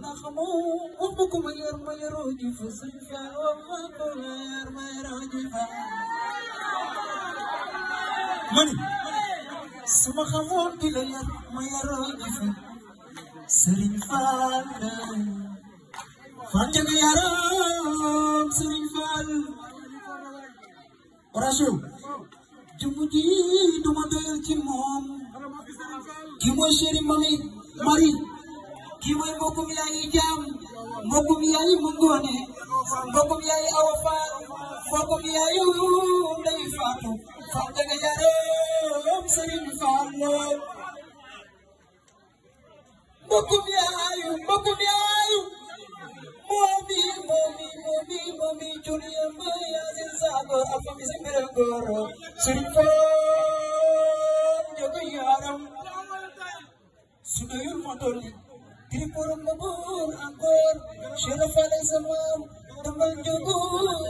نحن أمكم غير ما يروج فسنفا وأمكم غير ما يروج من سما خمون دليل ما يروج سرين فان فان جميع رام سرين فان ورسول jumuji duma doyal ci moom ki mooy chéri mami mari kii mooy mbokkum jaam mbokkum yaay mu ngoone mbokkum yaay awa faal mbokkum yaay ndey faatu faal daga jaareem sëriñ Fallu mbokkum yaayu mbokkum yaayu moomi moomi moomi moomi juriya mbay yaasin saago afam si mbira gooro sëriñ Faal jogo yaaram su doyul moo tolli Kripur Mabur Angkor Syarif Alay Zaman Teman Jogur